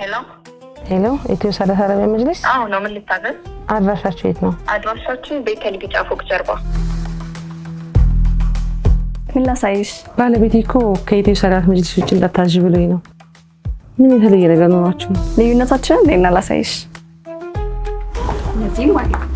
ሄሎ ሄሎ፣ ኢትዮ ሳዳት አረቢያ መጅሊስ። አዎ ነው። ምን ልታዘዝ? አድራሻችሁ የት ነው? አድራሻችን ቤተል ቢጫ ፎቅ ጀርባ። ምን ላሳይሽ? ባለቤቴ እኮ ከኢትዮ ሳዳት መጅሊስ ውጭ እንዳታዥ ብሎኝ ነው። ምን የተለየ ነገር ኖሯችሁ? ልዩነታችንን ሌና ላሳይሽ። እነዚህም ማለት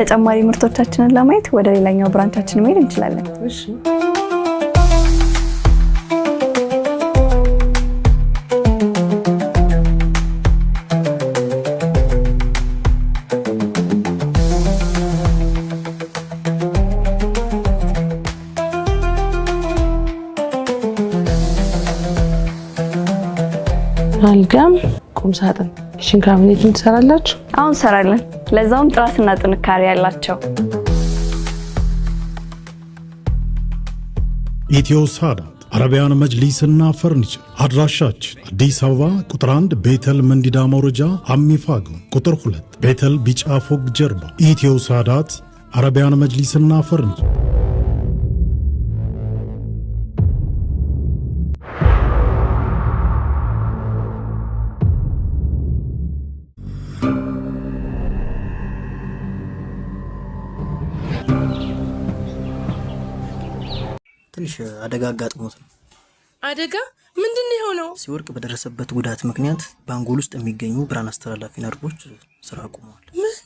ተጨማሪ ምርቶቻችንን ለማየት ወደ ሌላኛው ብራንቻችን መሄድ እንችላለን። አልጋም፣ ቁም ሳጥን፣ ኪችን ካቢኔት ትሰራላችሁ? አሁን እንሰራለን። ለዛውም ጥራትና ጥንካሬ ያላቸው። ኢትዮ ሳዳት አረቢያን መጅሊስና ፈርኒቸር አድራሻችን አዲስ አበባ ቁጥር 1 ቤተል መንዲዳ መውረጃ አሚፋጎ፣ ቁጥር 2 ቤተል ቢጫ ፎግ ጀርባ። ኢትዮ ሳዳት አረቢያን መጅሊስና ፈርኒቸር ትንሽ አደጋ አጋጥሞት ነው። አደጋ ምንድን ነው የሆነው? ሲወድቅ በደረሰበት ጉዳት ምክንያት በአንጎል ውስጥ የሚገኙ ብራን አስተላላፊ ነርቦች ስራ አቁመዋል። ምን?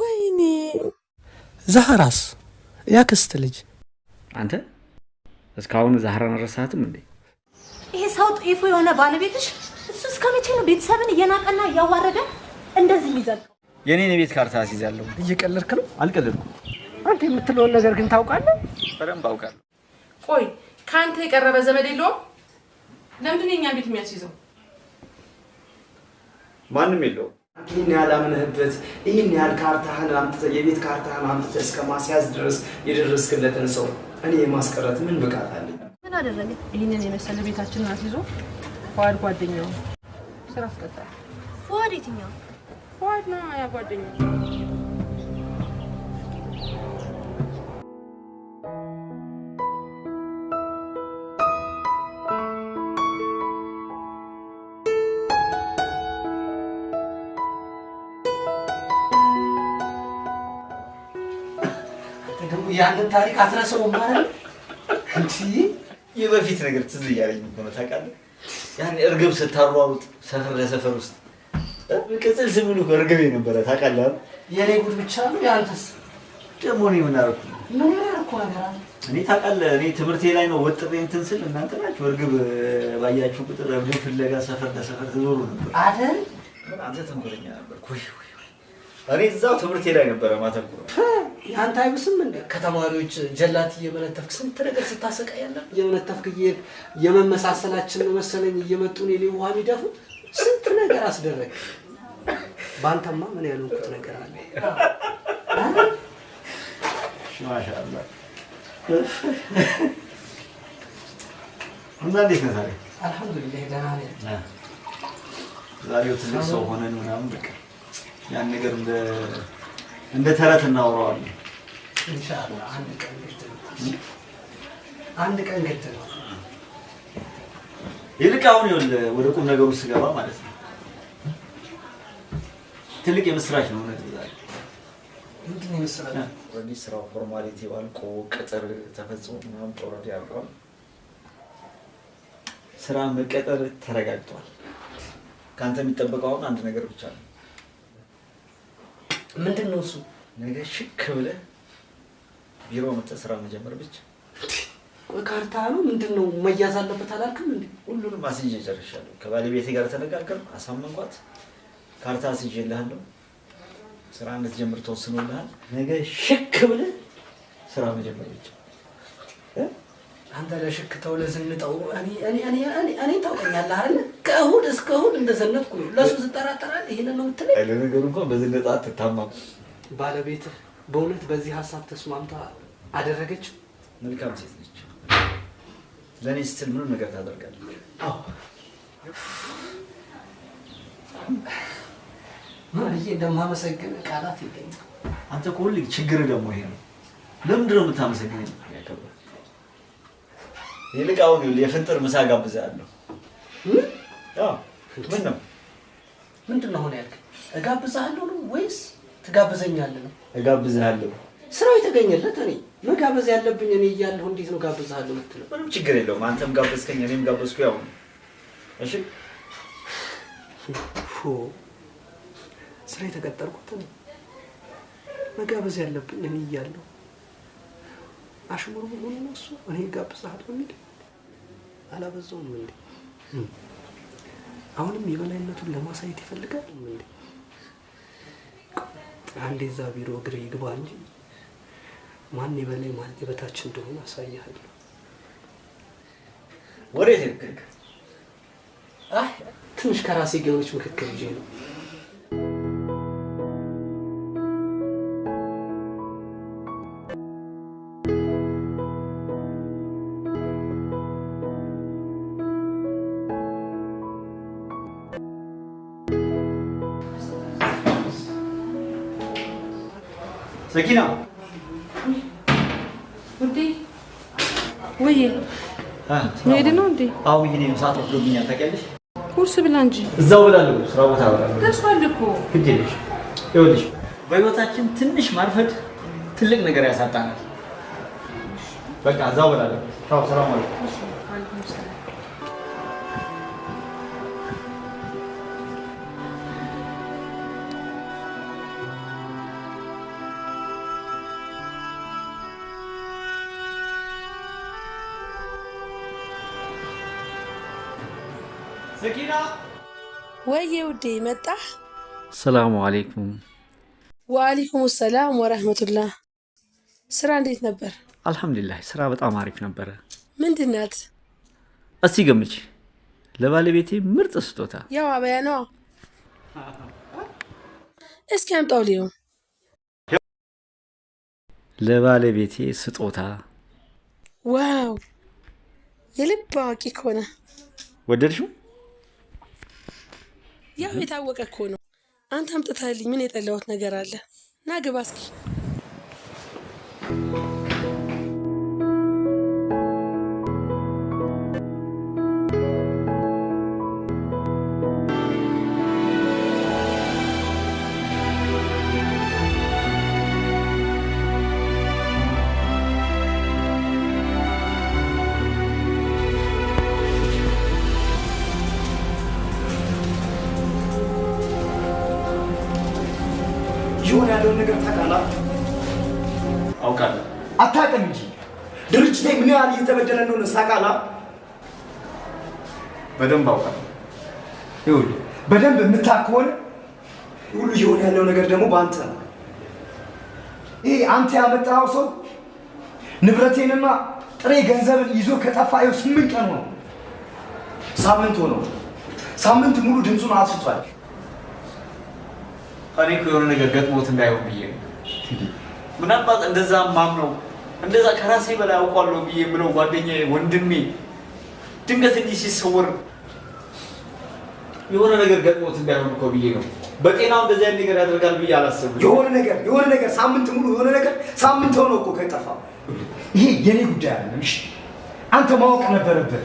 ወይኔ ዛህራስ ያክስት ልጅ አንተ እስካሁን ዛህራን ረሳትም እንዴ? ይሄ ሰው ጤፉ የሆነ ባለቤትሽ እሱ እስከ መቼ ነው ቤተሰብን እየናቀና እያዋረደ እንደዚህ የሚዘልቀው? የኔን የቤት ካርታ ሲዛለሁ። እየቀለድክ ነው? አልቀለድኩም። አንተ የምትለውን ነገር ግን ታውቃለህ? በደንብ አውቃለሁ። ቆይ ከአንተ የቀረበ ዘመድ የለውም? ለምንድን ነው ቤት የሚያስይዘው? ማንም የለውም። ይህን ያህል አምነህበት ይህን ያህል ካርታህን አምጥተህ የቤት ካርታህን አምጥተህ እስከ ማስያዝ ድረስ የደረስክለትን ሰው እኔ የማስቀረት ምን ብቃት አለኝ? ምን አደረገ? ይህንን የመሰለ ቤታችንን አስይዞ ፈዋድ ጓደኛው ስራ አስቀጣል። ፈዋድ የትኛው? ፈዋድ ነው ያ ጓደኛው ያንን ታሪክ አትረሰውም ማለት እንዲህ የበፊት ነገር ትዝ እያለኝ ሆነ ነው ታውቃለህ። ያን እርግብ ስታሯሩጥ ሰፈር ለሰፈር ውስጥ ቅጽል ስምን እኮ እርግቤ ነበረ ታውቃለህ። የኔ ጉድ ብቻ ነው። ያንተስ ደግሞ ነው ምን አደረኩ? ምን ያደረኩ እኔ ታውቃለህ፣ እኔ ትምህርቴ ላይ ነው ወጥሬ እንትን ስል እናንተ ናችሁ እርግብ ባያችሁ ቁጥር እርግብ ፍለጋ ሰፈር ለሰፈር ትዞሩ ነበር አይደል? አንተ ተንኮለኛ ነበር። እኔ እዛው ትምህርቴ ላይ ነበረ ማተኩሮ። የአንተ አይብስም እንደ ከተማሪዎች ጀላት እየመለተፍክ ስንት ነገር ስታሰቃ ያለ እየመለተፍክ እየሄድ የመመሳሰላችን መሰለኝ እየመጡ እኔ ውሃ ሚደፉ ስንት ነገር አስደረግ። በአንተማ ምን ያልኩት ነገር አለ። ማሻአላ እና እንዴት ነህ ዛሬ? አልሐምዱሊላህ ደህና ነኝ። ዛሬው ትልቅ ሰው ሆነን ምናምን በቃ ያን ነገር እንደ እንደ ተረት እናወራዋለን። ኢንሻአላህ አንድ ቀን ግድ አንድ ቀን ግድ ነው። ይልቅ አሁን ይኸውልህ ወደ ቁም ነገሩ ስገባ ማለት ነው ትልቅ የምስራች ነው እውነት ዛሬ ምንድን ነው ስራው ፎርማሊቲ አልቆ ቅጥር ተፈጽሞ ምናምን ጦረድ ያልቋል። ስራ መቀጠር ተረጋግጧል። ከአንተ የሚጠበቀው አሁን አንድ ነገር ብቻ ነው ምንድን ነው እሱ? ነገ ሽክ ብለህ ቢሮ መጥተህ ስራ መጀመር ብቻ። ካርታ ነው ምንድን ነው መያዝ አለበት አላልክም እንዴ? ሁሉንም አስይዤ ጨርሻለሁ። ከባለቤቴ ጋር ተነጋገር፣ አሳመንኳት። ካርታ አስይዤልሃለሁ። ስራ እንድትጀምር ተወስኖልሃል። ነገ ሽክ ብለህ ስራ መጀመር ብቻ። አንተ ለሽክ ተው፣ ለዝንጠው እኔ እኔ እኔ እኔ ታውቀኛለህ አይደል? ከእሁድ እስከ እሁድ እንደዘነጥኩ ነው። ለሱ ዝጠራጠራል ይህን ነው የምትለኝ? ለነገሩ እንኳን በዝነጣ ትታማ ባለቤትህ በእውነት በዚህ ሀሳብ ተስማምታ አደረገችው? መልካም ሴት ነች። ለእኔ ስትል ምንም ነገር ታደርጋለች። አዎ ማርዬ፣ እንደማመሰግን ቃላት ይገኛል። አንተ እኮ ሁሌ ችግር ደግሞ ይሄ ነው። ለምንድን ነው የምታመሰግነኝ? ይልቅ አሁን የፍንጥር ምሳ ጋብዛለሁ። ምን ነው ምንድን ነው ሆነ ያልከኝ? እጋብዝሃለሁ ነው ወይስ ትጋብዘኛለህ ነው? እጋብዝሃለሁ። ስራው የተገኘለት እኔ መጋበዝ ያለብኝ እኔ እያለሁ እንዴት ነው ጋብዝሃለሁ የምትለው? ምንም ችግር የለውም። አንተም ጋበዝከኝ፣ እኔም ጋበዝኩ። ያው እሺ፣ ስራ የተቀጠርኩት እኔ መጋበዝ ያለብኝ እኔ እያለሁ አሽሙር መሆኑ ነው እኔ ጋብዝሃለሁ የሚል አላበዛውም እንዴ? አሁንም የበላይነቱን ለማሳየት ይፈልጋል። አንዴ እዛ ቢሮ እግር ይግባ እንጂ ማን የበላይ ማን የበታች እንደሆነ አሳያለሁ። ወዴት ትንሽ ከራሴ ገኖች ምክክል ነው ሰኪና ውዴ፣ ውዬ መሄድ ነው እንዴ? አዎ ይሄ ነው። ሰዓት ወስዶብኛል ታውቂያለሽ። ቁርስ ብላ እንጂ እዛው ብላለሁ። ስራ ቦታ ብላለሁ። በህይወታችን ትንሽ ማርፈድ ትልቅ ነገር ያሳጣናል። በቃ እዛው ብላለሁ። ቻው፣ ሰላም አለኩም። ወይ ውዴ መጣ። ሰላሙ አሌይኩም። ወአሌይኩም ሰላም ወረህመቱላህ። ስራ እንዴት ነበር? አልሐምዱሊላህ ስራ በጣም አሪፍ ነበረ። ምንድን ናት? እስቲ ገምች። ለባለቤቴ ምርጥ ስጦታ። ያው አበያ ነው። እስኪ አምጣው ሊሆን ለባለቤቴ ስጦታ። ዋው የልብ አዋቂ ከሆነ ወደድሽው? ያም የታወቀ እኮ ነው። አንተ አምጥታልኝ ምን የጠላሁት ነገር አለ? ና ግባ እስኪ ታውቃለህ? በደንብ አውቃለሁ። ይኸውልህ በደንብ የምታውቅ ከሆነ ሁሉ እየሆነ ያለው ነገር ደግሞ በአንተ ነው። ይሄ አንተ ያመጣኸው ሰው ንብረቴንና ጥሬ ገንዘብን ይዞ ከጠፋ ይኸው ስምንት ቀን ሳምንት ሳምንት ሙሉ ድምፁን አጥፍቷል። እኔ የሆነ ነገር ገጥሞት እንዳይሆን ብዬ ምናልባት እንደዛ ማምነው እንደዛ ከራሴ በላይ አውቋለሁ ብዬ የምለው ጓደኛ ወንድሜ ድንገት እንዲህ ሲሰወር የሆነ ነገር ገጥሞት እንዳይሆን እኮ ብዬ ነው። በጤናው እንደዚህ አይነት ነገር ያደርጋል ብዬ አላሰብም። የሆነ ነገር የሆነ ነገር ሳምንት ሙሉ የሆነ ነገር ሳምንት ሆኖ እኮ ከጠፋ ይሄ የኔ ጉዳይ አለ እሺ አንተ ማወቅ ነበረብህ።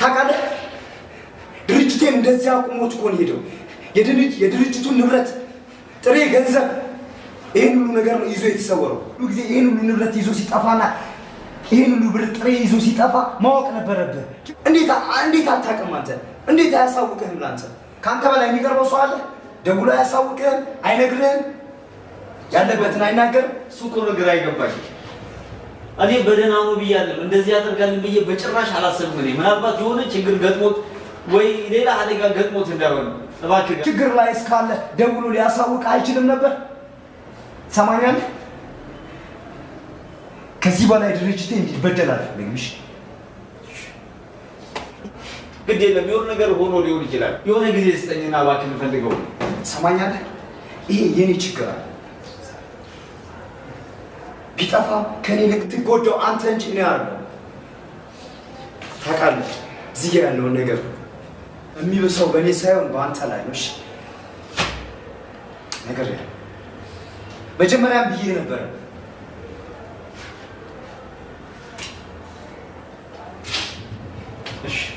ታውቃለህ፣ ድርጅቴን እንደዚህ አቁሞት እኮ ነው የሄደው። የድርጅቱን ንብረት ጥሬ ገንዘብ ይህን ሁሉ ነገር ይዞ የተሰወረው ሁሉ ጊዜ ይህን ሁሉ ንብረት ይዞ ሲጠፋና ይህን ሁሉ ብር ጥሬ ይዞ ሲጠፋ ማወቅ ነበረብህ። እንዴት እንዴት አታውቅም አንተ? እንዴት አያሳውቅህም? ለአንተ ከአንተ በላይ የሚቀርበው ሰው አለ? ደውሎ አያሳውቅህም? አይነግርህም? ያለበትን አይናገርም። እሱ እኮ ነገር አይገባሽ። እኔ በደህና ነው ብያለሁ፣ እንደዚህ ያደርጋል ብዬ በጭራሽ አላሰብም። እኔ ምናልባት የሆነ ችግር ገጥሞት ወይ ሌላ አደጋ ገጥሞት እንዳልሆነ እባክህ፣ ችግር ላይ እስካለ ደውሎ ሊያሳውቅ አይችልም ነበር ትሰማኛል? ከዚህ በላይ ድርጅቴ እንዲበደል አልፈልግም። ግድ የለም የሆነ ነገር ሆኖ ሊሆን ይችላል። የሆነ ጊዜ ስጠኝና እባክህ እንፈልገው። ትሰማኛለህ? ይሄ የኔ ችግር አለ። ቢጠፋ ከኔ ልክ ትጎደው አንተ እንጂ እኔ አለ ታውቃለህ፣ እዚህ ጋ ያለውን ነገር የሚብሰው በእኔ ሳይሆን በአንተ ላይ ነው። ነገር ያለ መጀመሪያም ብዬ ነበረ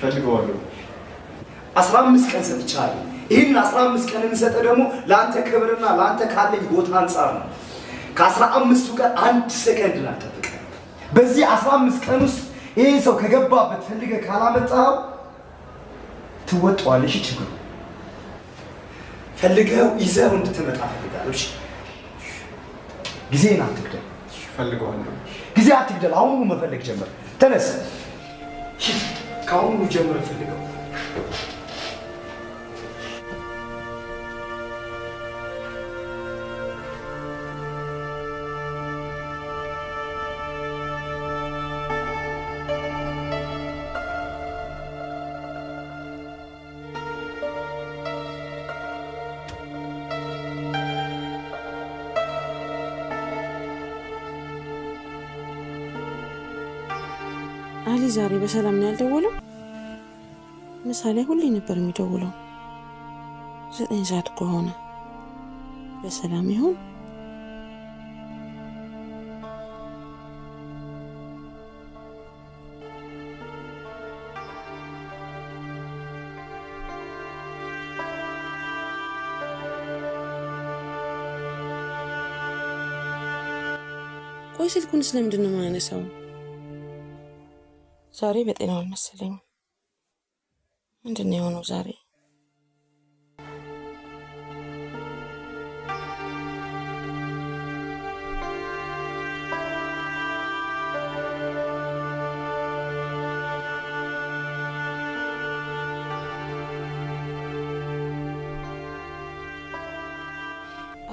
ፈልገዋሉ አስራ አምስት ቀን ሰጥቻለሁ። ይህን አስራ አምስት ቀን የምሰጠው ደግሞ ለአንተ ክብርና ለአንተ ካለኝ ቦታ አንጻር ነው። ከአስራ አምስቱ ቀን አንድ ሰከንድ ላልጠብቀ በዚህ አስራ አምስት ቀን ውስጥ ይህን ሰው ከገባበት ፈልገ ካላመጣው ትወጠዋለሽ። ችግሩ ፈልገው ይዘው እንድትመጣ ፈልጋለሽ። ጊዜን አትግደል። ፈልገዋለሁ። ጊዜ አትግደል። አሁኑ መፈለግ ጀመር። ተነስ፣ ከአሁኑ ጀምረ ፈልገው እንግዲህ ዛሬ በሰላም ነው ያልደወለው። ምሳሌ ሁሌ ነበር የሚደውለው። ዘጠኝ ሰዓት ከሆነ በሰላም ይሆን? ቆይ ስልኩን ስለምንድን ነው የማያነሳው? ዛሬ በጤናው አልመሰለኝም። ምንድን ነው የሆነው ዛሬ?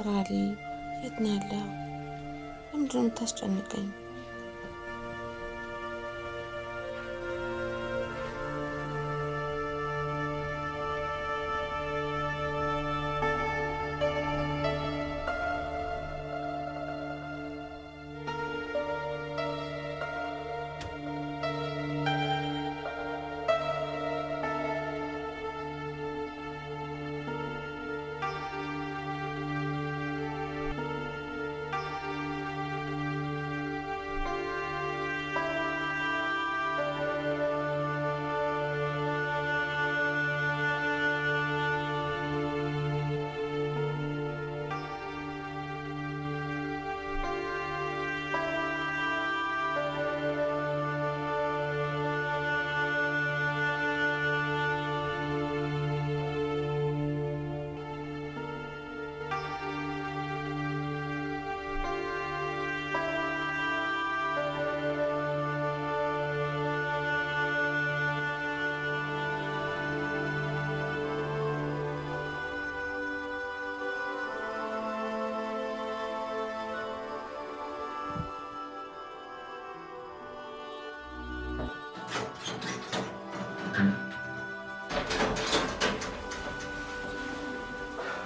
ራሊ የት ነው ያለው? ለምንድን ነው የምታስጨንቀኝ?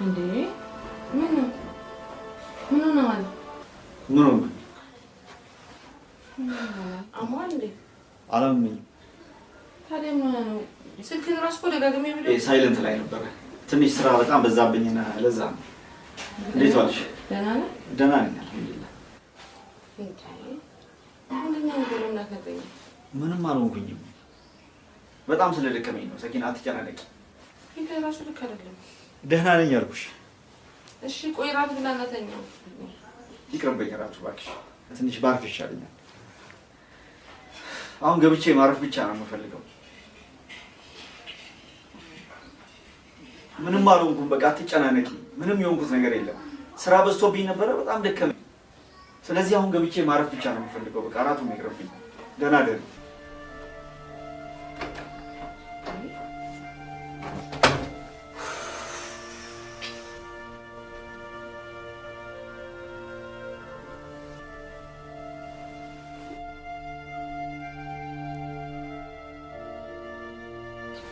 እንዴ ምን ምን ሆነ ምን ሆነ አሟል እንዴ አላመመኝም ታዲያ ምን ነው ስልክህን እራሱ ደጋግሜ ብለው ሳይለንት ላይ ነበረ ትንሽ ስራ በጣም በዛብኝና ለዛ ነው እንዴት ዋልሽ ደህና ነህ ደህና ነኝ ምንም አልሆንኩኝም በጣም ስለደከመኝ ነው ሰኪና አትጨናነቂ ይሄ እራሱ ልክ አይደለም ደህና ነኝ አልኩሽ። እሺ ቆይ እራት ብላ እናተኛ። ይቅርብኝ እራቱ እባክሽ፣ ትንሽ ባርፍ ይሻለኛል። አሁን ገብቼ ማረፍ ብቻ ነው የምፈልገው። ምንም አልሆንኩም። በቃ አትጨናነቂ። ምንም የሆንኩት ነገር የለም። ስራ በዝቶብኝ ነበረ፣ በጣም ደከመኝ። ስለዚህ አሁን ገብቼ ማረፍ ብቻ ነው የምፈልገው። በቃ እራቱም ይቅርብኝ። ደህና ደህና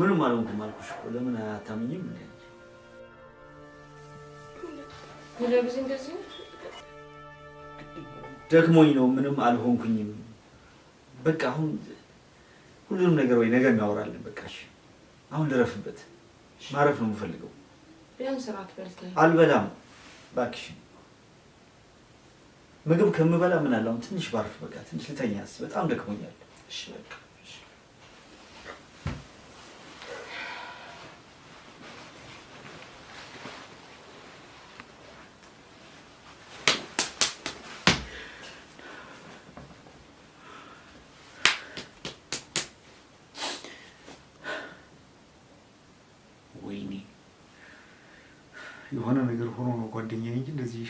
ምንም አልሆንኩም አልኩሽ እኮ ለምን አታምኝም? እንደ ሁሉ ጊዜ ደክሞኝ ነው። ምንም አልሆንኩኝም። በቃ አሁን ሁሉንም ነገር ወይ ነገር እናወራለን። በቃ እሺ፣ አሁን ልረፍበት። ማረፍ ነው የምፈልገው። ቢያንስ እራት በልተህ። አልበላም እባክሽ። ምግብ ከምበላ ምን አለ አሁን? ትንሽ ባርፍ። በቃ ትንሽ ልተኛስ፣ በጣም ደክሞኛል። እሺ በቃ የሆነ ነገር ሆኖ ነው ጓደኛ እንጂ እንደዚህ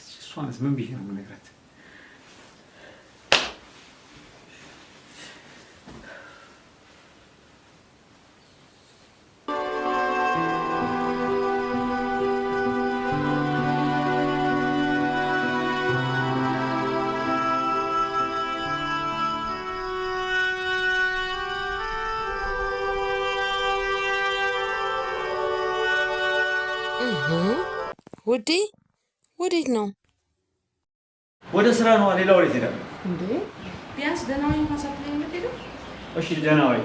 እሷንስ ምን ብዬ ነው የምነግራት? ውዴ ወዴት ነው? ወደ ስራ ነው። ሌላ ወዴት ሄዳ? እንዴ ቢያንስ ደህና ወይ ማሳት ላይ የምትሄደው? እሺ ደህና ወይ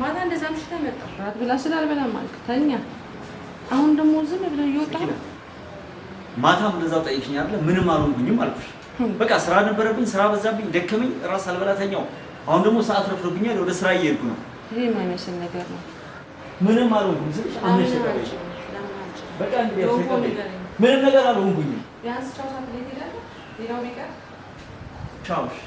ማታ እንደዛ ምሽታ መጣ ራት ብላ ስላልበላም ማልክ ተኛ። አሁን ደግሞ ዝም ብለህ እየወጣ ማታም እንደዛ ጠይቅኝ አለ። ምንም አልሆንኩኝም አልኩሽ። በቃ ስራ ነበረብኝ፣ ስራ በዛብኝ፣ ደከመኝ፣ ራስ አልበላ ተኛው። አሁን ደግሞ ሰዓት ረፍዶብኛል። ወደ ስራ እየሄድኩ ነው። ይህ የማይመስል ነገር ነው ምንም አልሆንኩም ስልሽ አንሽ ተቀበይኝ። በቃ እንዴ ምንም ነገር አልሆንኩኝም። ቻውሽ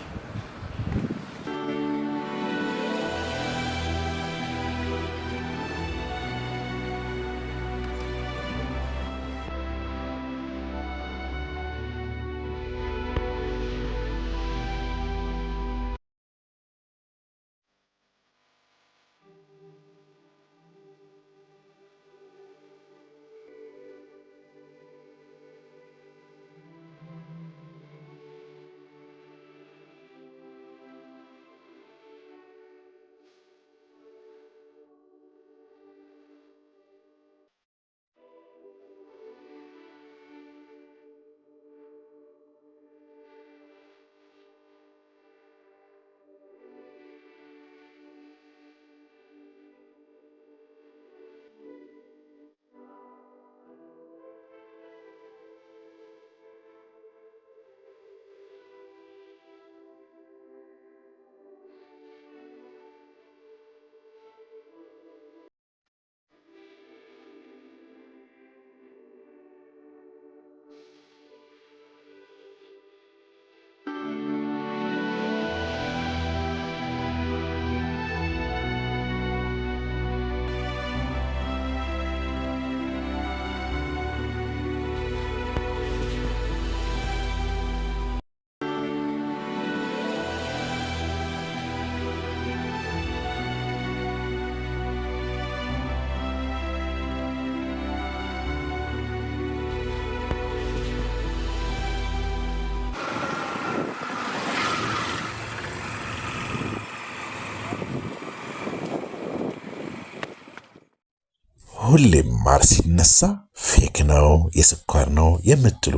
ሁሌም ማር ሲነሳ ፌክ ነው የስኳር ነው የምትሉ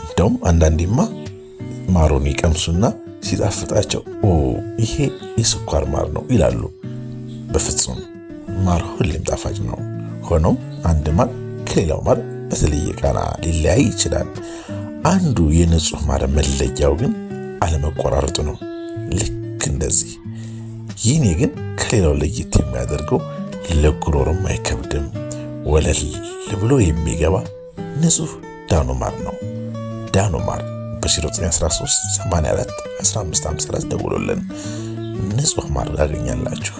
እንደውም አንዳንዴማ ማሩን ይቀምሱና ሲጣፍጣቸው ኦ ይሄ የስኳር ማር ነው ይላሉ። በፍጹም ማር ሁሌም ጣፋጭ ነው። ሆኖም አንድ ማር ከሌላው ማር በተለየ ቃና ሊለያይ ይችላል። አንዱ የንጹህ ማር መለያው ግን አለመቆራረጡ ነው። ልክ እንደዚህ ይህኔ ግን ከሌላው ለየት የሚያደርገው ለጉሮሮም አይከብድም። ወለል ብሎ የሚገባ ንጹህ ዳኖማር ነው። ዳኖማር ማር በ0913 84 1554 ደውሎልን ንጹህ ማር ታገኛላችሁ።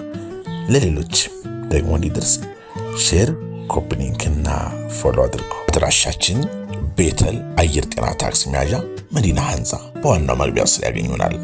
ለሌሎች ደግሞ እንዲደርስ ሼር፣ ኮፕኒንክ እና ፎሎ አድርጉ። አድራሻችን ቤተል አየር ጤና ታክስ መያዣ መዲና ህንፃ በዋናው መግቢያ ስር ያገኙናል።